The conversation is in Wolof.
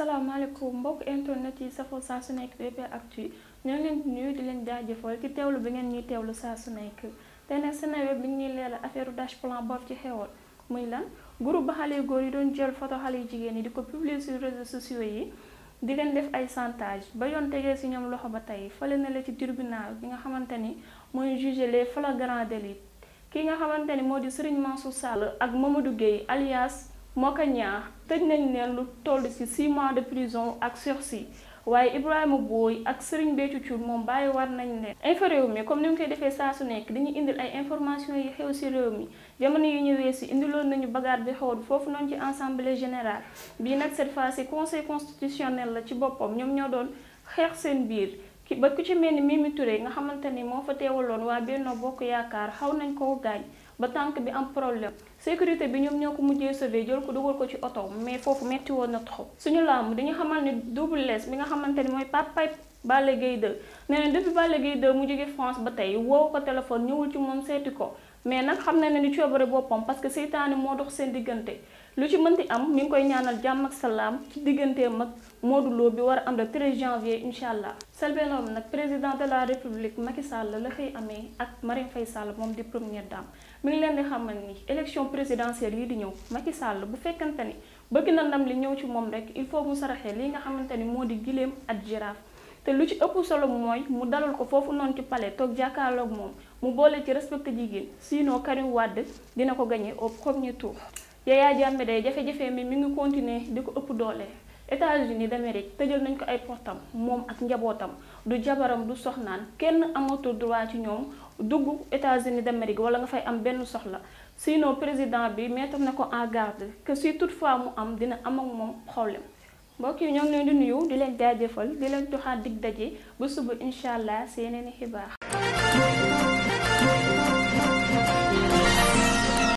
asalaamaaleykum mbokk internet yi safoo saa su nekk BP Actu ñoo ngi leen di nuyu di leen jaajëfal ci teewlu ba ngeen ñuy teewlu saa su nekk te nag Seneweb bi ñuy leela affaire Dash Plan boobu ci xewoon muy lan groupe ba xale yu góor yi doon jël photo xale yi jigéen yi di ko publier sur réseaux sociaux yi di leen def ay chantage ba yoon tegee si ñoom loxo ba tey fële na la ci tribunal bi nga xamante ni mooy juger les flagrants délits ki nga xamante ni moo di Serigne Mansour Sall ak Mamadou Gueye alias moo ko ñaax tëj nañ leen lu toll ci six mois de prison ak sursis waaye Ibrahima Boye ak Serigne Béthio Thioune moom bàyyi war nañ leen info réew mi comme ni mu koy defee saa su nekk dañuy indil ay information yi xew ci réew mi jamono yu ñu weesu indiloon nañu bagarre bi xewoon foofu noonu ci assemblée général bii nag set fois ci conseil constitutionnel la ci boppam ñoom ñoo doon xeex seen biir ki ba ku ci mel ni Mimi Touré nga xamante ni moo fa teewaloon waa Benno Bokk Yaakaar xaw nañ koo gaañ ba tànk bi am problème sécurité bi ñoom ñoo ko mujjee sauvé jël ko dugal ko ci oto mais foofu metti woon na trop suñu laamu dañu xamal ne Double lees bi nga xamante ni mooy papay Balla gay 2 nee na depuis Balla Gaye 2 mu jóge France ba tey woo ko téléphone ñëwul ci moom seeti ko mais nag xam na ne ni coobare boppam parce que seytaane moo dox seen diggante lu ci mënti am mi ngi koy ñaanal jàmm ak salaam ci digganteem ak Modou Lo bi war a am le 13 janvier incha allah. Selbé Ndom nag président de la république Macky Sall la fay amee ak Marème Faye Sall moom di première dame mu ngi leen di xamal ni élection présidentielle yi di ñëw Macky Sall bu fekkante ni bëgg na ndam li ñëw ci moom rek il faut mu saraxee lii nga xamante ni moo di gileem ak giraaf te lu ci ëpp solo mooy mu dalal ko foofu noonu ci palais toog moom. mu boole ci respecté jigéen sinon Karim Wade dina ko gagné au premier tour. Yaya Jammeh day jafe-jafe mi mi ngi continuer di ko ëpp doole États-Unis d'Amérique tëjal nañ ko ay portam moom ak njabootam du jabaram du soxnaan kenn amatul droit ci ñoom dugg États-Unis d'Amérique wala nga fay am benn soxla sinon président bi mettre na ko en garde que si toutefois mu am dina am ak moom problème. mbokk yi ñoo ngi leen di nuyu di leen jaajëfal di leen joxaat dig daje ba suba incha allah si i xibaar.